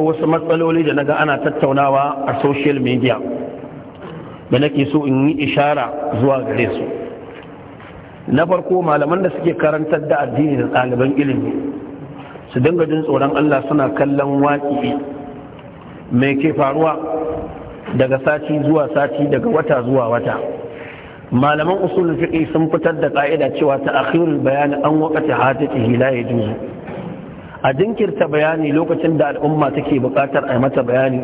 akwai wasu matsaloli da naga ana tattaunawa a social media da nake so in yi ishara zuwa gare su na farko malaman da suke karantar da addini da ɗaliban ilimi su dinga jin tsoron Allah suna kallon waƙi mai ke faruwa daga sati zuwa sati daga wata zuwa wata malaman usulun fiqh sun fitar da ƙa'ida cewa ta akhirul bayani an waqati hadatihi la yajuzu a jinkirta bayani lokacin da al'umma take buƙatar a mata bayani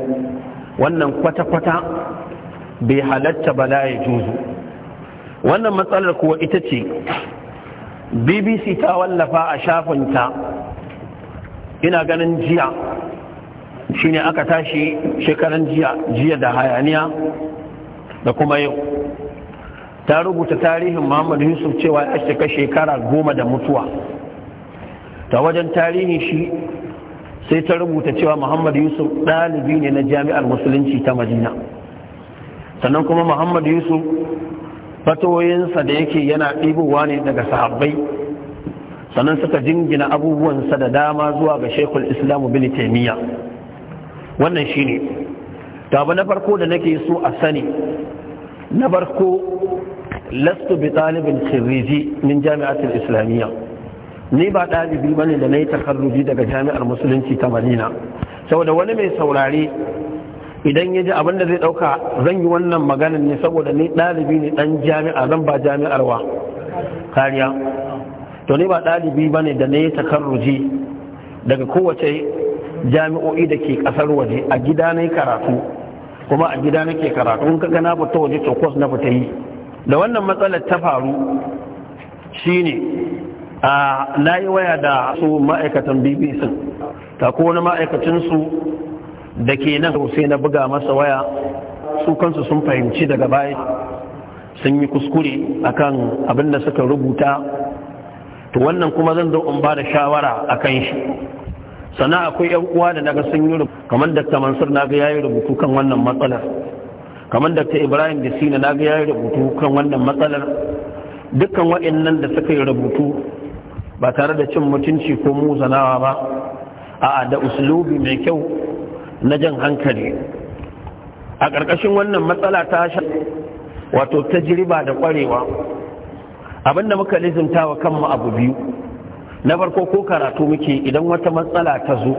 wannan kwata-kwata bai halatta bala ya juzu wannan matsalar kuwa ita ce bbc ta wallafa a shafinta ina ganin jiya shine aka tashi shekaran jiya jiya da hayaniya da kuma yau ta rubuta tarihin muhammadu yusuf cewa ya shekara goma da mutuwa ta wajen tarihin shi sai ta rubuta cewa muhammad yusuf ɗalibi ne na jami'ar musulunci ta madina sannan kuma muhammad yusuf fatoyinsa da yake yana ɗibowa ne daga sahabbai sannan suka jingina abubuwansa da dama zuwa ga shekul islamu bin taimiyya wannan shi ne abu na farko da nake so a sani na farko lastu bi ɗalibin sirriji min jami'atul islamiyya ni ba ɗalibi ba ne da na yi takarruji daga jami'ar musulunci ta madina saboda wani mai saurare idan ya ji abin da zai ɗauka zan yi wannan maganin ne saboda ni ɗalibi ne ɗan jami'a zan ba jami'ar wa kariya to ni ba ɗalibi ba ne da na yi takarruji daga kowace jami'o'i da ke ƙasar waje a gida na karatu kuma a gida nake karatu in kaga na fita waje to kwas na fita yi da wannan matsalar ta faru shine a na yi waya da su ma'aikatan bbc ta ko wani ma'aikacinsu da ke nan sai na buga masa waya su kansu sun fahimci daga baya sun yi kuskure akan abin da suka rubuta to wannan kuma zan zo in ba da shawara a kan shi sana akwai yan uwa da naga sun yi rubutu kamar dr mansur naga yayi rubutu kan wannan matsalar kamar dr ibrahim da sina naga yayi rubutu kan wannan matsalar dukkan waɗannan da suka yi rubutu ba tare da cin mutunci ko muzanawa ba a da uslubi mai kyau na jan hankali a ƙarƙashin wannan matsala ta sha, wato tajriba da ƙwarewa abinda muka lizinta wa kanmu abu biyu na farko ko karatu muke idan wata matsala ta zo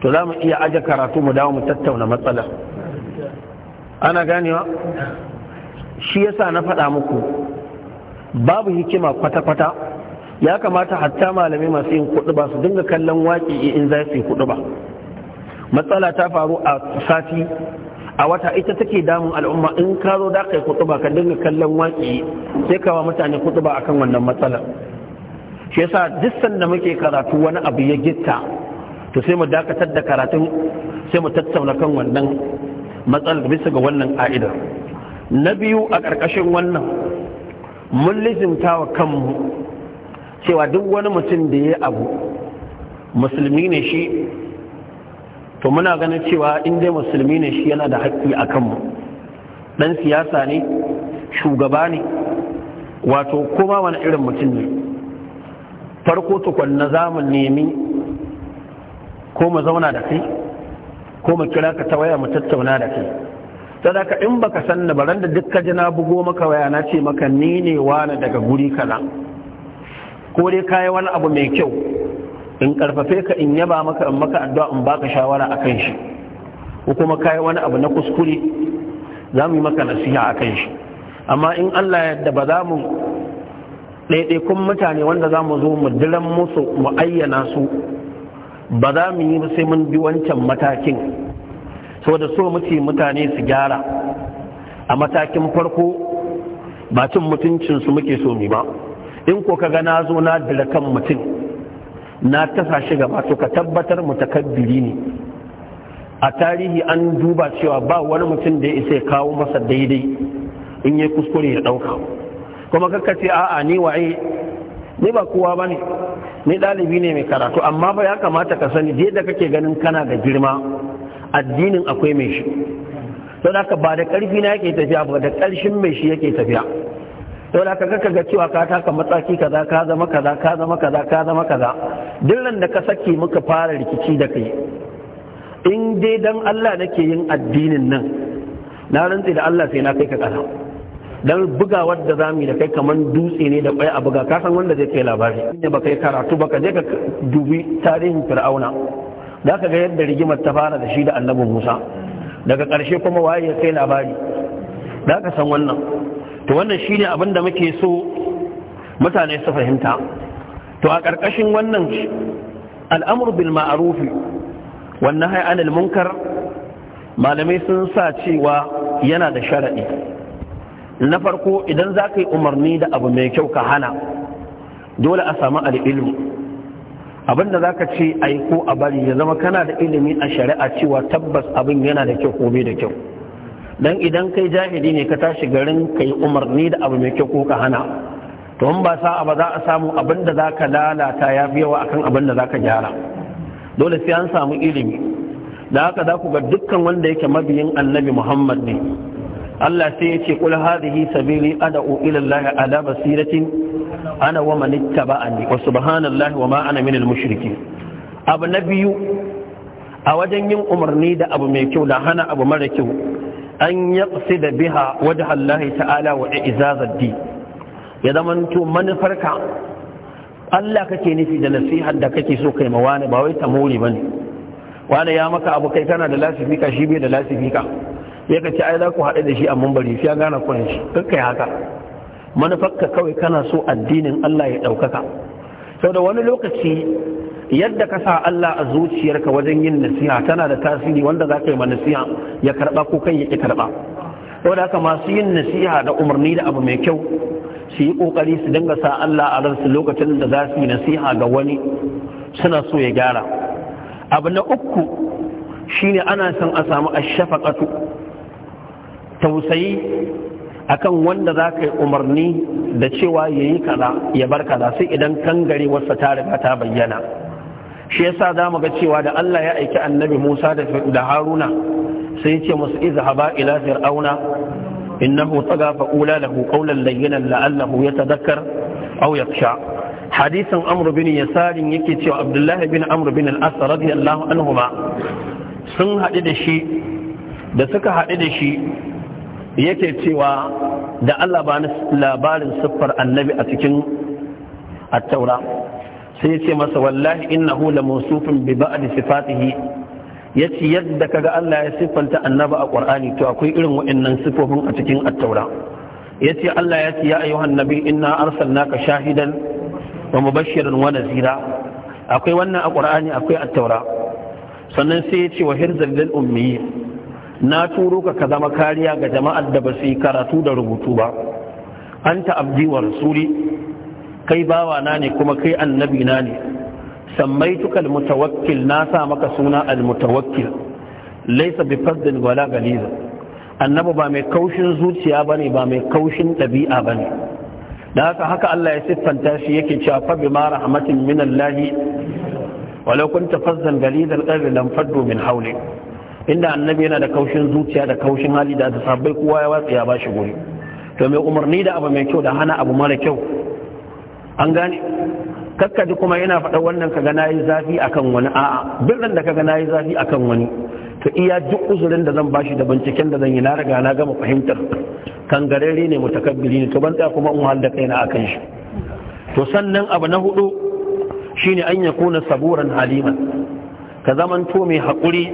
to za mu iya aje karatu mu dawo mu tattauna matsala ana ganewa shi yasa na faɗa muku babu hikima kwata-kwata ya kamata hatta malamai masu yin kuɗi ba su dinga kallon waƙi in za su yi kuɗi ba matsala ta faru a sati a wata ita take damun al'umma in ka zo da kai kudu ba ka dinga kallon waƙi sai kawa mutane kudu ba akan wannan matsala shi yasa duk sanda muke karatu wani abu ya gitta to sai mu dakatar da karatun sai mu tattauna kan wannan matsalar bisa ga wannan ka'ida na biyu a ƙarƙashin wannan mun lizimta wa kanmu cewa duk wani mutum da ya abu musulmi ne shi to muna ganin cewa inda musulmi ne shi yana da haƙƙi a kanmu ɗan siyasa ne shugaba ne wato kuma wani irin mutum ne farko tukwan na zamun nemi ko mu zauna da kai ko mu kira ka ta waya mu tattauna da kai sadaka in baka san da baran da duk na bugo maka waya na ce maka ni ne wani daga guri kaza ko dai kayi wani abu mai kyau in karfafe ka in yaba maka in maka addu'a in baka shawara akan shi ko kuma kayi wani abu na kuskure za mu yi maka nasiha akan shi amma in Allah ya yarda ba za mu ɗaiɗaikun mutane wanda za mu zo mu dilan musu mu ayyana su ba za mu yi sai mun bi wancan matakin so da so muke mutane su gyara a matakin farko ba cin su muke so mu ba in ko kaga na zo na dira kan mutum na tasa shi gaba to ka tabbatar mutakabbiri ne a tarihi an duba cewa ba wani mutum da ya isa ya kawo masa daidai in yi kuskure ya ɗauka kuma kakka ce a'a ni waye ni ba kowa ba ne ni ɗalibi ne mai karatu amma ba ya kamata ka sani da kake ganin kana da girma addinin akwai mai shi don haka ba da ƙarfi na yake tafiya ba da ƙarshen mai shi yake tafiya to da kaga ga cewa ka taka mataki kaza ka zama kaza ka zama kaza ka zama kaza dillan da ka saki muka fara rikici da kai in dai dan Allah nake yin addinin nan na rantsi da Allah sai na kai ka kasa dan buga wadda zamu da kai kaman dutse ne da kwai a buga ka san wanda zai kai labari ne baka yi karatu baka je ka dubi tarihin fir'auna da ka ga yadda rigimar ta fara da shi da annabi Musa daga ƙarshe kuma waye ya kai labari da ka san wannan to wannan shine abin da muke so mutane su fahimta to a ƙarƙashin wannan al'amur bil ma'arufi wannan hai'anil munkar malamai sun sa cewa yana da sharaɗi na farko idan za ka yi umarni da abu mai kyau ka hana dole a samu al'ilmu abinda za ka ce a ko a bari ya zama kana da ilimi a shari'a cewa tabbas abin yana da kyau ko bai da kyau dan idan kai jahili ne ka tashi garin kai umarni da abu mai kyau ko ka hana to in ba sa'a ba za a samu abin da za ka lalata ya fi yawa akan abin da za ka gyara dole sai an samu ilimi da haka za ku ga dukkan wanda yake mabiyin annabi muhammad ne Allah sai ya ce kul hadhihi sabili ad'u ila Allah ala basiratin ana wa man ittaba'ani wa subhanallahi wa ma ana minal mushrikin abu na biyu a wajen yin umarni da abu mai kyau da hana abu mara kyau an da biha wajen Allah ta'ala wa izazaddi ya zama to manufarka Allah kake nufi da nasihar da kake so kai mawana ba wai ba bane wani ya maka abu kai kana da lasifika shi bai da lasifika ya ka ci ai za ku haɗu da shi a mumbari sai ya gane kuran shi kai haka manufarka kawai kana so addinin Allah ya ɗaukaka sau da wani lokaci yadda ka sa Allah a zuciyarka wajen yin nasiha tana da tasiri wanda za ka yi ma nasiha ya karɓa ko kan ya ƙi karɓa saboda haka masu yin nasiha da umarni da abu mai kyau su yi ƙoƙari su dinga sa Allah a ransu lokacin da za su yi nasiha ga wani suna so ya gyara abu na uku shine ana son a samu ashafaqatu tausayi akan wanda za ka yi umarni da cewa ya yi kaza ya bar kaza sai idan kan wasa ta riga ta bayyana shi yasa za mu ga cewa da Allah ya aiki annabi Musa da Haruna sai ce musu izhaba ila fir'auna innahu taga fa qula lahu qawlan layyinan la'allahu yatadhakkar aw yakhsha hadisin Amr bin Yasar yake cewa Abdullah bin Amr bin al-As radiyallahu anhuma sun haɗu da shi da suka haɗu da shi yake cewa da Allah ba labarin siffar annabi a cikin at-Taurat sai ya ce masa wallahi innahu la mawsufun bi ba'd sifatihi yace yadda kaga Allah ya siffanta annabi a Qur'ani to akwai irin waɗannan sifofin a cikin at-Taura yace Allah ya ce ya ayyuhan nabi inna arsalnaka shahidan wa mubashiran wa nazira akwai wannan a Qur'ani akwai at-Taura sannan sai ya ce wa hirzal lil ummi na turo ka ka zama kariya ga jama'ar da ba su yi karatu da rubutu ba anta abdi wa rasuli kai bawa na ne kuma kai annabi na ne sammaituka almutawakkil na sa maka suna almutawakkil laysa bi fardin wala galiza annabi ba mai kaushin zuciya bane ba mai kaushin dabi'a bane da haka haka Allah ya siffanta shi yake cewa fa bi ma rahmatin min Allah walau kunta fazzan galid al-qalbi lam faddu min hawli inda annabi yana da kaushin zuciya da kaushin hali da sabbai kowa ya watsa ya bashi guri to mai umarni da abu mai kyau da hana abu mara kyau an gane kakkaji kuma yana faɗa wannan kaga na yi zafi akan wani a'a birnin da kaga na yi zafi akan wani to iya duk uzurin da zan ba shi da binciken da zan yi na riga na gama fahimtar kan kangarere ne mutakabbiri ne to ban tsaya kuma in halda kaina akan shi to sannan abu na hudu shine an kuna saburan haliman ka zamanto mai haƙuri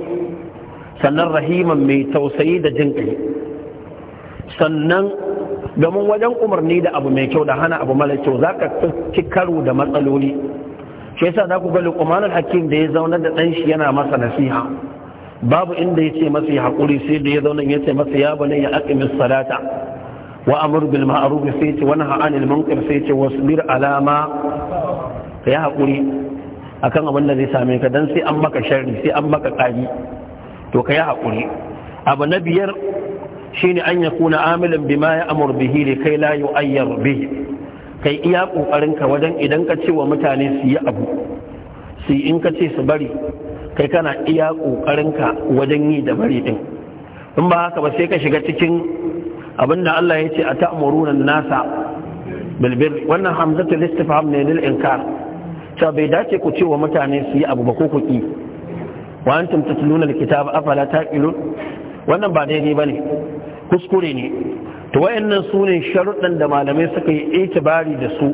sannan rahiman mai tausayi da jinƙai sannan domin wajen umarni da abu mai kyau da hana abu mara kyau za ka ci karo da matsaloli shi yasa za ku ga nan hakim da ya zauna da ɗan shi yana masa nasiha babu inda ya ce masa ya haƙuri sai da ya zauna ya ce masa ya bane ya aqimis salata wa amr bil ma'ruf sai ce wani anil munkar sai ce wasbir alama ka ya haƙuri akan abin da zai same ka dan sai an maka sharri sai an maka ƙari to ka ya haƙuri abu na biyar shine an amilin bi bima ya amur bihi li kai la ayyar bihi kai iya kokarin ka wajen idan ka ce wa mutane su yi abu su in ka ce su bari kai kana iya kokarin ka wajen yi da bari din in ba haka ba sai ka shiga cikin abinda Allah ya ce a ta'muruna nasa bilbir wannan hamzatu istifham ne lil inkar ta bai dace ku ce wa mutane su yi abu ba ko ku ki wa antum tatluna alkitaba afala taqilun wannan ba daidai bane kuskure ne to wayannan su ne sharuɗan da malamai suka yi itibari da su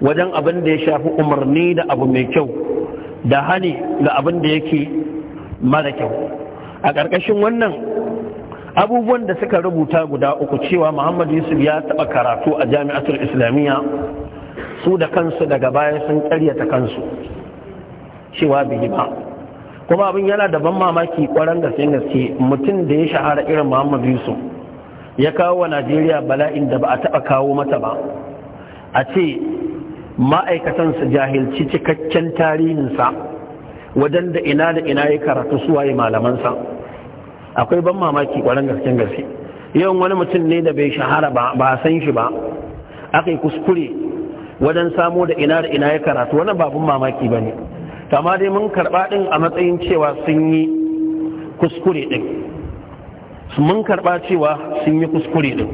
wajen abin da ya shafi umarni da abu mai kyau da hani ga abin da yake mara kyau a ƙarƙashin wannan abubuwan da suka rubuta guda uku cewa muhammad yusuf ya taɓa karatu a jami'atul islamiyya su da kansu daga baya sun ƙaryata kansu cewa bai ba kuma abin yana da ban mamaki kwaran gaske gaske mutum da ya shahara irin muhammadu yusuf ya kawo wa najeriya bala'in da ba a taba kawo mata ba a ce ma'aikatan su jahilci cikakken tarihinsa wajen da ina da ina ya karatu suwaye malamansa akwai ban mamaki kwaran gaske gaske yawan wani mutum ne da bai shahara ba ba san shi ba aka kuskure wajen samo da ina da ina ya karatu wannan babun mamaki ba ne kama dai mun karɓa ɗin a matsayin cewa sun yi kuskure ɗin mun karɓa cewa sun yi kuskure ɗin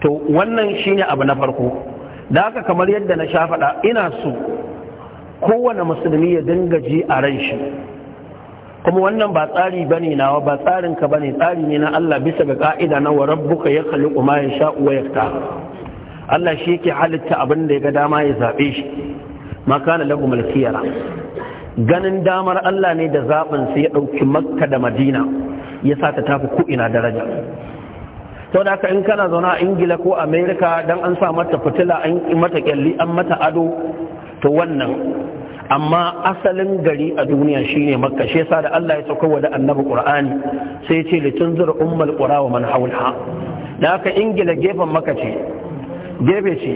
to wannan shi ne abu na farko da haka kamar yadda na sha faɗa ina so kowane musulmi ya dinga ji a ran shi kuma wannan ba tsari ba ne nawa ba tsarin ka ba ne tsari ne na Allah bisa ga ka'ida na wa rabbuka ya kuma ya ya wa yaqta Allah shi yake halitta abin da ya ga dama ya zaɓe shi ma kana lahum ganin damar Allah ne da zaɓin sai ya ɗauki makka da madina ya sa ta tafi ko'ina daraja sau da in kana zauna a ingila ko amerika don an sa mata fitila an mata kyalli an mata ado to wannan amma asalin gari a duniya shine makka shi yasa da Allah ya sauka da annabi qur'ani sai ya ce li tunzir ummul qura wa man hawlaha da ingila gefen makka ce gefe ce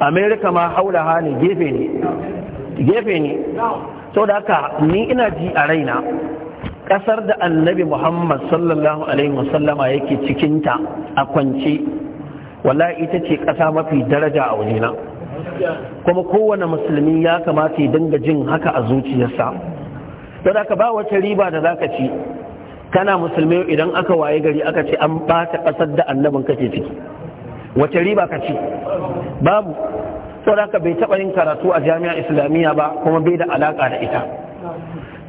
Amerika ma haula hali gefe ne gefe ne to da haka ni ina ji a raina ƙasar da annabi muhammad sallallahu alaihi wasallama yake cikinta a kwance wallahi ita ce kasa mafi daraja a wajena kuma kowane musulmi ya kamata ya dinga jin haka a zuciyarsa To da haka ba wata riba da zaka ci kana musulmi idan aka waye gari aka ce an ɓata ƙasar da annabin kake ciki wace riba ka ci babu saboda ka bai taɓa yin karatu a jami'a islamiyya ba kuma bai da alaƙa da ita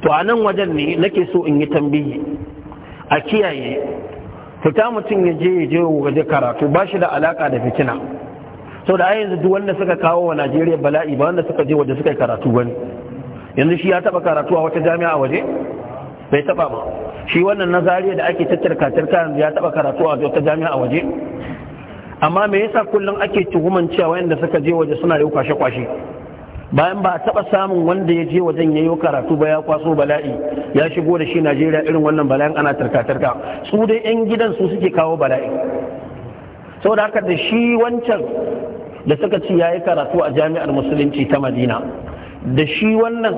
to a nan wajen ne nake so in yi tambayi a kiyaye fita mutum ya je ya je waje karatu ba shi da alaka da fitina sau da yanzu duk wanda suka kawo wa najeriya bala'i ba wanda suka je waje suka yi karatu wani yanzu shi ya taba karatu a wata jami'a a waje bai taba ba shi wannan na zariya da ake tattarka tarka yanzu ya taba karatu a wata jami'a a waje amma me yasa kullum ake tuhuman cewa wayanda suka je waje suna yi kwashe kwashe bayan ba a taba samun wanda ya je wajen yayo karatu ba ya kwaso bala'i ya shigo da shi Najeriya irin wannan bala'in ana tarka tarka su dai yan gidan su suke kawo bala'i saboda haka da shi wancan da suka ci yayi karatu a jami'ar musulunci ta Madina da shi wannan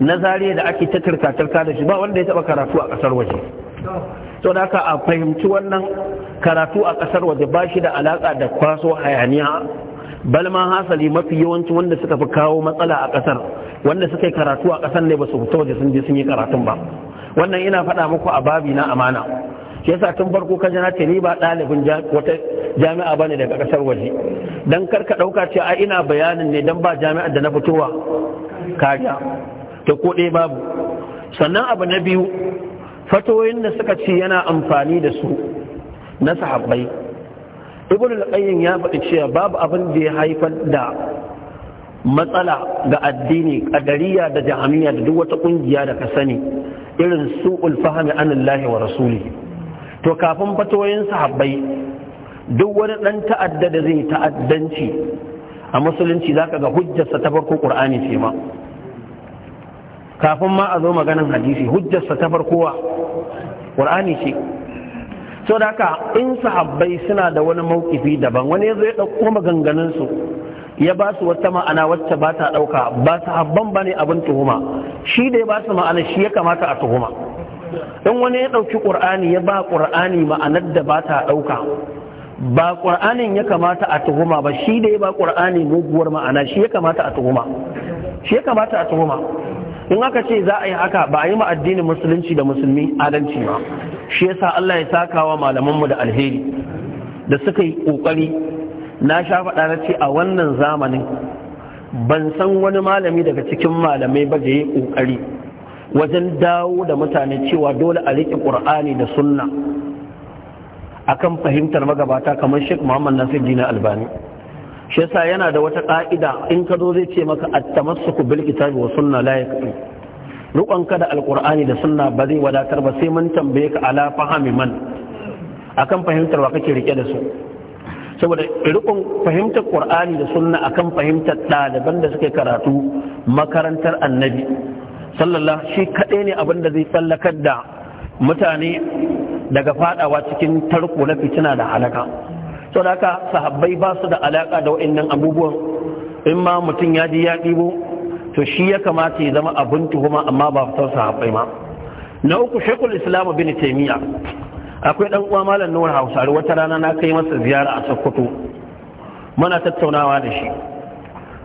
na zariya da ake ta tarka tarka da shi ba wanda ya taba karatu a kasar waje to da ka a fahimci wannan karatu a kasar waje ba shi da alaka da kwaso hayaniya balman hasali mafi yawanci wanda suka fi kawo matsala a kasar wanda suka yi karatu a kasar ne ba su fita waje sun je sun yi karatun ba wannan ina faɗa muku a babi na amana shi yasa tun farko ka jana ce ni ba ɗalibin wata jami'a bane daga kasar waje dan kar ka ɗauka ce a ina bayanin ne dan ba jami'ar da na fitowa kariya to ko ɗaya babu sannan abu na biyu fatoyin da suka ce yana amfani da su na sahabbai ibn al-qayyim ya faɗi cewa babu abin da ya haifar da matsala ga addini kadariya da jahamiya da duk wata kungiya da ka sani irin su'ul fahmi anillahi wa rasuli to kafin fatoyin sahabbai duk wani dan ta'adda da zai ta'addanci a musulunci zaka ga hujjarsa ta farko qur'ani ce ma kafin ma a zo maganin hadisi hujjarsa ta farkowa ƙur'ani ce so da haka in sahabbai suna da wani mawkifi daban wani ya zo ya ɗauko maganganunsu ya ba su wata ma'ana wacce ba ta ɗauka ba sahabban ba ne abin tuhuma shi da ya ba su ma'ana shi ya kamata a tuhuma in wani ya ɗauki ƙur'ani ya ba ƙur'ani ma'anar da ba ta ɗauka ba ƙur'anin ya kamata a tuhuma ba shi da ya ba ƙur'ani muguwar ma'ana shi ya kamata a tuhuma shi ya kamata a tuhuma in aka ce za a yi haka ba a yi ma addinin musulunci da musulmi adalci ba shi yasa Allah ya saka wa malamanmu da alheri da suka yi kokari na sha faɗa na ce a wannan zamanin ban san wani malami daga cikin malamai ba da ya yi kokari wajen dawo da mutane cewa dole a riƙe ƙur'ani da sunna akan fahimtar magabata kamar Sheikh Muhammad Nasir Dina Albani shi yasa yana da wata ka'ida in ka zo zai ce maka at-tamassuku bil kitabi wa sunna la yakfi rukon ka da alqur'ani da sunna ba zai wadatar ba sai mun tambaye ka ala fahami man akan fahimtar wa kake rike da su saboda rikon fahimtar qur'ani da sunna akan fahimtar ɗaliban da suke karatu makarantar annabi sallallahu shi kaɗai ne abin da zai tsallakar da mutane daga fadawa cikin tarko na fitina da halaka to da haka sahabbai ba su da alaka da wa'annan abubuwan in ma mutum ya ji ya ɗibo to shi ya kamata ya zama abin tuhuma amma ba fitar sahabbai ma na uku shekul islamu bin taimiyya akwai dan uwa malam nuwar hausare wata rana na kai masa ziyara a sokoto muna tattaunawa da shi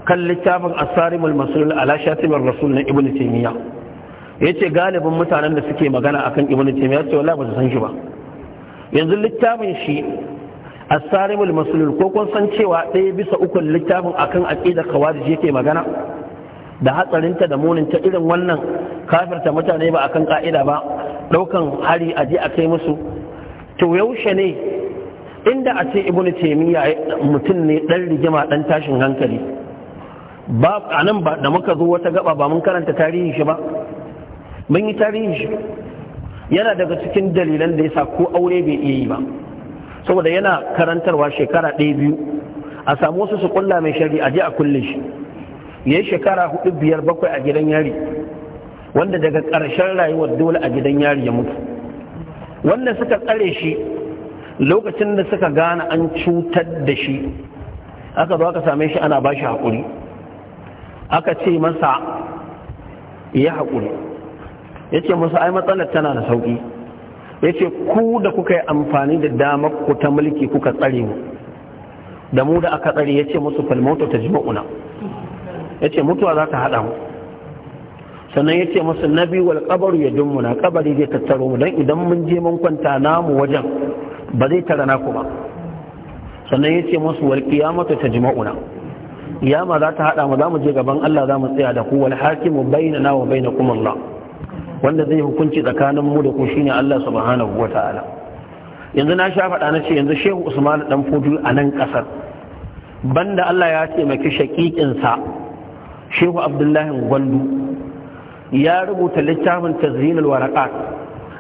kan littafin asarimul masul ala shatimar rasul na ibnu ya yace galibin mutanen da suke magana akan ibnu taymiya ce wallahi ba su san shi ba yanzu littafin shi asarimul masulul ko kun san cewa ɗaya bisa ukun littafin akan aqidar khawarij yake magana da hatsarinta da muninta irin wannan kafirta mutane ba akan ka'ida ba daukan hari a je a kai musu to yaushe ne inda a ce ibnu taymiya mutum ne ɗan rigima dan tashin hankali ba a nan ba da muka zo wata gaba ba mun karanta tarihi shi ba mun yi tarihin shi yana daga cikin dalilan da yasa ko aure bai iya yi ba saboda yana karantarwa shekara ɗaya biyu a samu wasu su kulla mai shari a je a kulle shi ya yi shekara hudu biyar bakwai a gidan yari wanda daga ƙarshen rayuwar dole a gidan yari ya mutu wanda suka tsare shi lokacin da suka gane an cutar da shi aka zo aka same shi ana bashi shi haƙuri aka ce masa ya haƙuri ya ce masa ai matsalar tana da sauƙi yace ku da kuka yi amfani da damar ku ta mulki kuka tsare mu da mu da aka tsare yace musu una ya yace mutuwa za ta haɗa mu sannan yace musu nabi wal ya dun muna kabari zai tattaro mu don idan mun je mun kwanta namu wajen ba zai tara naku ba sannan yace musu wal qiyamatu tajma'una kiyama za ta haɗa mu za mu je gaban Allah za mu tsaya da ku wal hakimu na wa kuma Allah wanda zai hukunci tsakanin mu da ku shine Allah subhanahu wataala yanzu na sha faɗa na ce yanzu Shehu Usman dan futu a nan kasar banda Allah ya taimaki shakikin sa Shehu Abdullahi Gwandu ya rubuta littafin Tazyinul Waraqat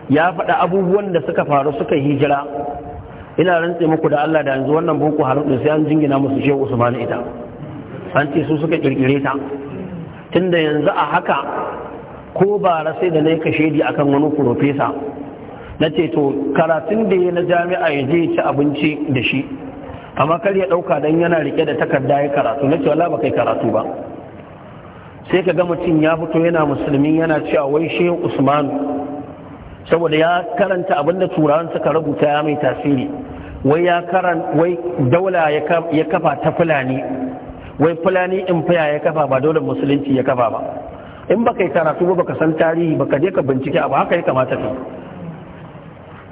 ya faɗa abubuwan da suka faru suka hijira ina rantse muku da Allah da yanzu wannan boko haram din sai an jingina musu Shehu Usman ita an ce su suka kirkire ta tunda yanzu a haka ko ba bara sai da na yi kashedi akan wani profesa na ce to karatun da ya na jami'a ya je ci abinci da shi amma kar ya ɗauka don yana rike da takarda ya karatu na ce wala ba kai karatu ba sai ka ga mutum ya fito yana musulmi yana cewa wai shehu usman saboda ya karanta abin da turawan suka rubuta ya mai tasiri wai ya karan wai daula ya kafa ta fulani wai fulani in faya ya kafa ba dole musulunci ya kafa ba in baka yi karatu ba ka san tarihi ba ka je ka bincike abu haka ya kamata ka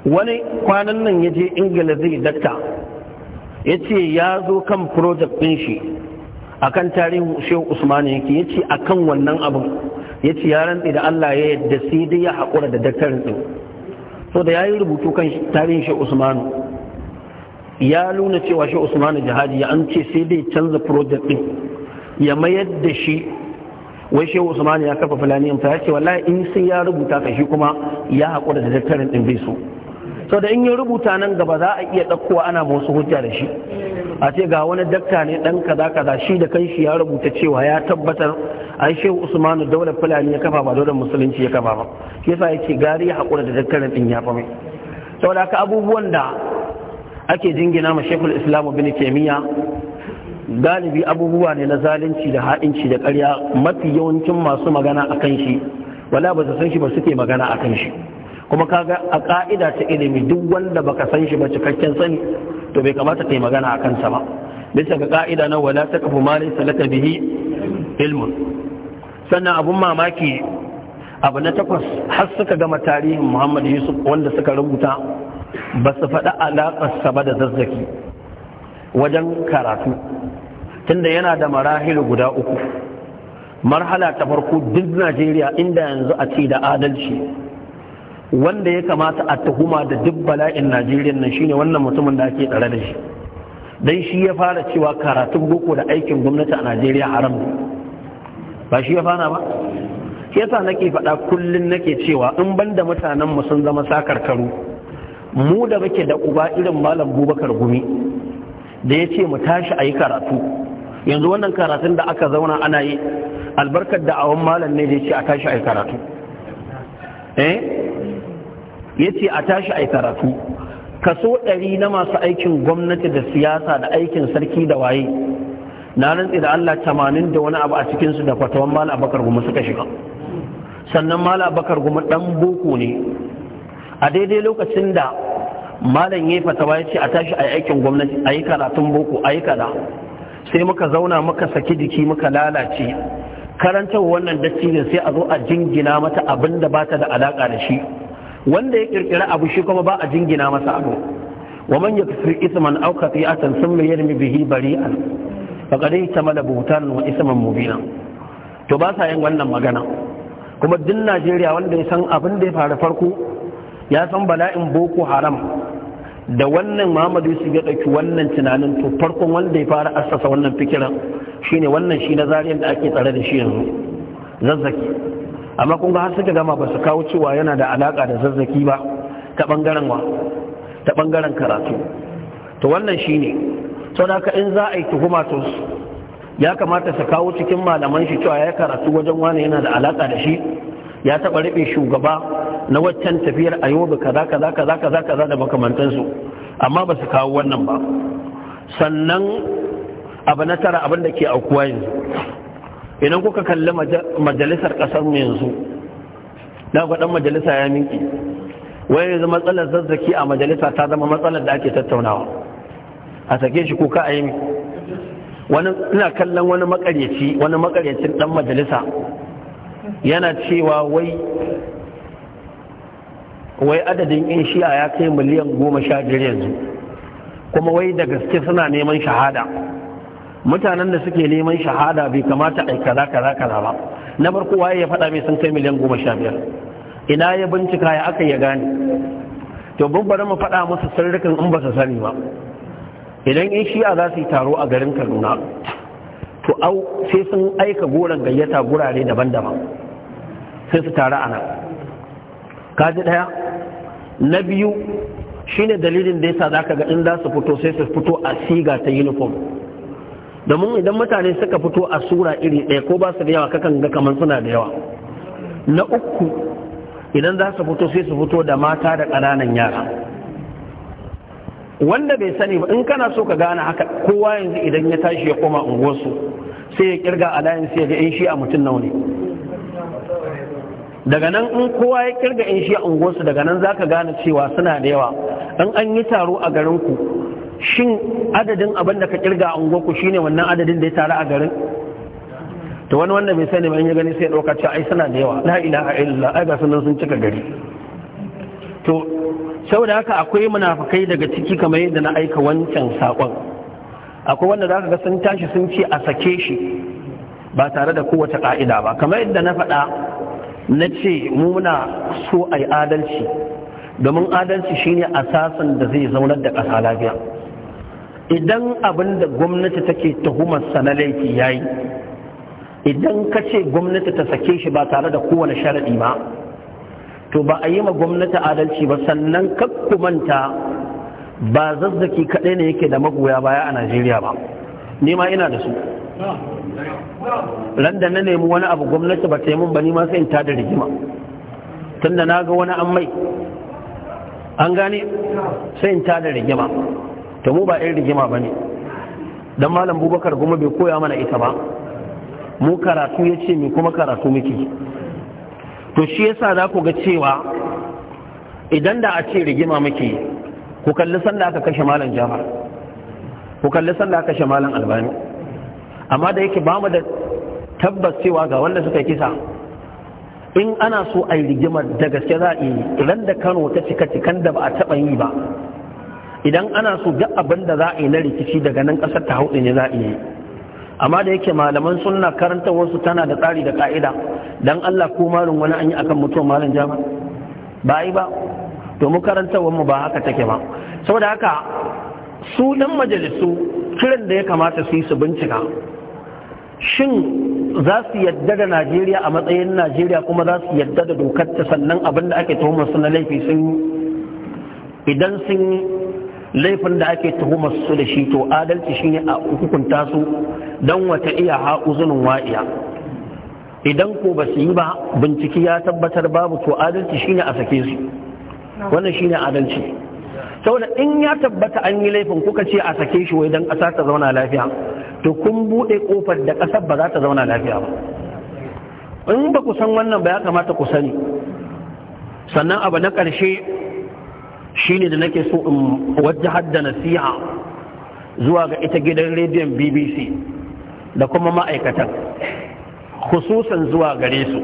wani kwanan nan ya je ingila zai datta ya ce ya zo kan project ɗin shi a kan tarihin shehu usmani yake ya ce a kan wannan abin ya ce ya rantsi da allah ya yadda sai dai ya haƙura da daktarin ɗin so da ya yi rubutu kan tarihin shehu usmanu ya nuna cewa shehu usmanu jihadi ya an ce sai dai canza project ɗin ya mayar da shi wai shehu usman ya kafa fulani ta ya ce wallahi in sai ya rubuta ka shi kuma ya haƙura da daktarin ɗin bai so so da in ya rubuta nan gaba za a iya ɗaukowa ana wasu hujja da shi a ce ga wani dakta ne ɗan kaza kaza shi da kanshi ya rubuta cewa ya tabbatar ai shehu usmanu daular fulani ya kafa ba daular musulunci ya kafa ba yasa ya gari ya haƙura da daktarin ɗin ya fa mai saboda ka abubuwan da ake jingina ma shekul islamu bin taimiyya galibi abubuwa ne na zalunci da ha'inci da ƙarya mafi yawancin masu magana a kan shi wala ba su san shi ba suke magana a kan shi kuma kaga a ka'ida ta ilimi duk wanda baka san shi ba cikakken sani to bai kamata yi magana a kansa ba bisa ga ka'ida na wala ta kafu ma laysa laka bihi ilmun sannan abun mamaki abu na takwas har suka gama tarihin Muhammad Yusuf wanda suka rubuta ba su faɗa sa ba da zazzaki wajen karatu tunda yana da marahilu guda uku marhala ta farko duk najeriya inda yanzu a ce da adalci wanda ya kamata a tuhuma da duk bala'in najeriya nan shine wannan mutumin da ake tsare da shi dan shi ya fara cewa karatun boko da aikin gwamnati a najeriya haram ba shi ya fara ba yasa nake faɗa kullum nake cewa in banda mutanen mu sun zama sakarkaru mu da muke da uba irin malam bubakar gumi da ya ce mu tashi a yi karatu yanzu wannan karatun da aka zauna ana yi albarkar da awon malam ne da ya ce a tashi a karatu eh ya ce a tashi a karatu kaso ɗari na masu aikin gwamnati da siyasa da aikin sarki da waye na rantsi da Allah tamanin da wani abu a cikinsu da fatawan mala bakar goma suka shiga sannan Malam bakar goma ɗan boko ne a daidai lokacin da malam ya yi fatawa ya ce a tashi a yi aikin gwamnati a yi karatun boko a yi kada sai muka zauna muka saki jiki muka lalace karantar wannan dattijin sai a zo a jingina mata abin da bata da alaka da shi wanda ya kirkira abu shi kuma ba a jingina masa abu wa man yakfir isman aw qati'atan thumma yarmi bihi bari'an faqad ihtamala buhtan wa isman mubina to ba sa yin wannan magana kuma duk Najeriya wanda ya san abin da ya faru farko ya san bala'in boko haram da wannan muhammadu su ya ɗauki wannan tunanin to farkon wanda ya fara assasa wannan fikiran shine wannan shi na zariyar da ake tsare da shi yanzu zazzaki amma kun har suka gama ba su kawo cewa yana da alaƙa da zazzaki ba ta ɓangaren wa ta ɓangaren karatu to wannan shine saboda haka in za a yi tuhuma to ya kamata su kawo cikin malaman shi cewa ya karatu wajen wani yana da alaƙa da shi ya taɓa riɓe shugaba na waccan tafiyar a yobe kaza kaza kaza kaza kaza da makamantansu amma ba su kawo wannan ba sannan abu na tara abin da ke aukuwa yanzu idan kuka kalli majalisar kasar mu yanzu na faɗin majalisa ya minki wai yanzu matsalar zazzaki a majalisa ta zama matsalar da ake tattaunawa a sake shi kuka a yi wani ina kallon wani makaryaci wani makaryacin dan majalisa yana cewa wai wai adadin yan shi'a ya kai miliyan goma sha biyar yanzu kuma wai da gaske suna neman shahada mutanen da suke neman shahada bai kamata a kaza kaza kaza ba na farko waye ya faɗa mai sun kai miliyan goma sha biyar ina ya bincika ya aka ya gane to bari mu faɗa musu sirrikan in ba su sani ba idan yan shi'a za su yi taro a garin kaduna to au sai sun aika goron gayyata gurare daban-daban sai su taru a nan kaji ɗaya na biyu shine dalilin da yasa zaka ga in za su fito sai su fito a siga ta uniform domin idan mutane suka fito a sura iri ɗaya ko ba su da yawa kakan ga kamar suna da yawa na uku idan za su fito sai su fito da mata da ƙananan yara wanda bai sani ba in kana so ka gane haka kowa yanzu idan ya tashi ya koma unguwarsu sai ya kirga sai ya ga in shi a mutum nawa ne daga nan in kowa ya kirga in shi a unguwarsu daga nan zaka gane cewa suna da yawa in an yi taro a garin ku shin adadin abin da ka kirga a unguwarku shine wannan adadin da ya taru a garin to wani wanda bai sani ba ya gani sai ɗauka cewa ai suna da yawa la ilaha illallah ai ga sunan sun cika gari to saboda haka akwai munafukai daga ciki kamar yadda na aika wancan sakon akwai wanda zaka ga sun tashi sun ce a sake shi ba tare da kowace ka'ida ba kamar yadda na faɗa na ce muna so a yi adalci domin adalci shine asasin da zai zaunar da ƙasa lafiya idan abin da gwamnati take tuhumarsa na laifi ya yi idan ka ce gwamnati ta sake shi ba tare da kowane sharaɗi ba to ba a yi ma gwamnati adalci ba sannan kakkumanta ba zazzaki kaɗai ne yake da magoya baya a najeriya ba nema ina da su ran da na nemi wani abu gwamnati ba ta yi mun ba ni ma sai in da rigima tunda na ga wani an mai an gane sai in da rigima to mu ba irin rigima ba ne don malam bubakar goma bai koya mana ita ba mu karatu ya ce mai kuma karatu muke to shi yasa za ku ga cewa idan da a ce rigima muke ku kalli sanda aka kashe malam jama'a ku kalli sanda aka kashe malam albani amma da yake ba mu da tabbas cewa ga wanda suka kisa in ana so a yi rigimar da gaske za a yi idan da kano ta cika cikan da ba a taɓa yi ba idan ana so duk abin da za a yi na rikici daga nan ƙasar ta hauɗe ne za a yi amma da yake malaman sunna karanta wasu tana da tsari da ka'ida dan Allah ko malin wani an yi akan mutuwar malam jama ba yi ba to mu mu ba haka take ba saboda haka su dan majalisu kiran da ya kamata su yi su bincika shin za su yadda da najeriya a matsayin najeriya kuma za su yadda da dokar ta sannan abin da ake tuhumar su na laifi sun idan sun laifin da ake tuhumar su da shi to adalci shine a hukunta su don wata iya haƙu uzunin wa'iya idan ko ba su yi ba binciki ya tabbatar babu to adalci shine a sake su wannan shine adalci saboda in ya tabbata an yi laifin kuka ce a sake shi wai dan ƙasa ta zauna lafiya to kun buɗe ƙofar da ƙasar ba za ta zauna lafiya ba in ba ku san wannan ba ya kamata ku sani sannan abu na ƙarshe ne da nake so in wajen da nasiha zuwa ga ita gidan rediyon bbc da kuma ma'aikatan khususan zuwa gare su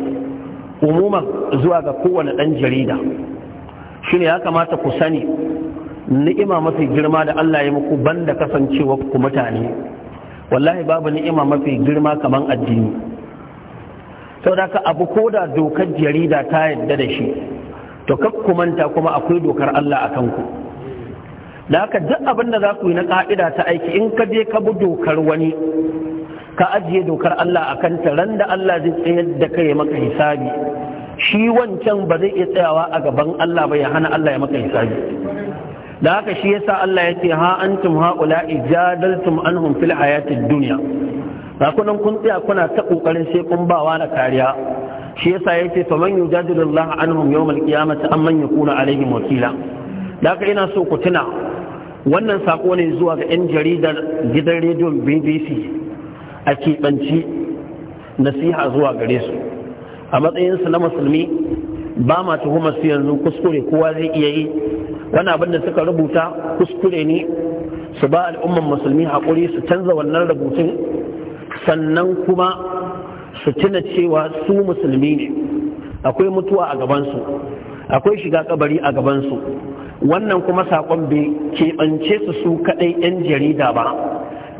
umuman zuwa ga kowane ɗan jarida shine ya kamata ku sani ni'ima mafi girma da allah ya muku banda kasancewa ku mutane wallahi babu ni'ima mafi girma kaman addini saboda ka abu koda dokar jarida ta yadda da shi to kak kumanta manta kuma akwai dokar Allah a kanku da haka duk abin da za ku yi na ka'ida ta aiki in ka je ka bi dokar wani ka ajiye dokar Allah a kanta ran da Allah zai tsayar da kai maka hisabi shi wancan ba zai iya tsayawa a gaban Allah ba ya hana Allah ya maka hisabi da haka shi yasa Allah ya ce ha antum haula ijadaltum anhum fil hayatid dunya ba kunan kun tsaya kuna ta kokarin sai kun wa na kariya shi yasa yace fa man yujadilu Allah anhum yawm al qiyamati amman yakuna alaihim wakila da haka ina so ku tuna wannan sako ne zuwa ga yan jaridar gidan rediyon BBC a keɓanci nasiha zuwa gare su a matsayinsu na musulmi ba ma tuhumar su yanzu kuskure kowa zai iya yi wani abin da suka rubuta kuskure ne su ba al'umman musulmi haƙuri su canza wannan rubutun sannan kuma su tuna cewa su musulmi ne akwai mutuwa a gabansu akwai shiga kabari a gabansu wannan kuma saƙon bai keɓance su su kaɗai 'yan jarida ba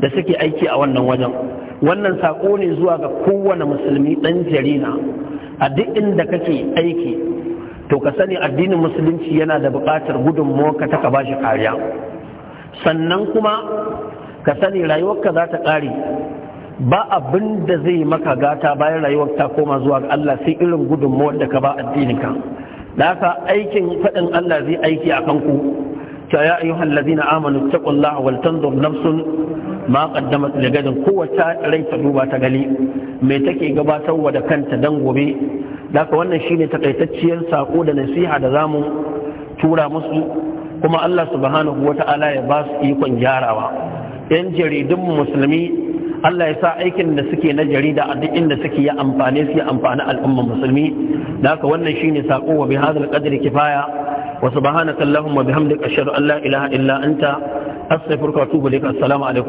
da suke aiki a wannan wajen wannan saƙo ne zuwa ga kowane musulmi ɗan jarida a duk inda kake aiki to ka sani addinin musulunci yana da buƙatar gudunmawar ka ta ka shi kariya sannan kuma ka sani rayuwarka za ta ƙare ba abin da zai maka gata bayan rayuwar ta koma zuwa ga Allah sai irin gudunmawar da ka ba addininka da haka aikin faɗin Allah zai aiki a kanku ta ya ayyuha allazina amanu taqullaha wal tanzur nafsun ma qaddamat li gadin kowace rai ta duba ta gani me take gabatarwa da kanta dan gobe Da daga wannan shine takaitacciyar sako da nasiha da zamu tura musu kuma Allah subhanahu wata'ala ya ba su ikon gyarawa yan jaridun musulmi Allah ya sa aikin da suke na jarida a duk inda suke ya amfane su ya amfani al'umman musulmi da daga wannan shine sako wa bihadhal qadri kifaya wa subhanaka allahumma bihamdika ashhadu an la ilaha illa anta astaghfiruka wa atubu ilaik assalamu alaikum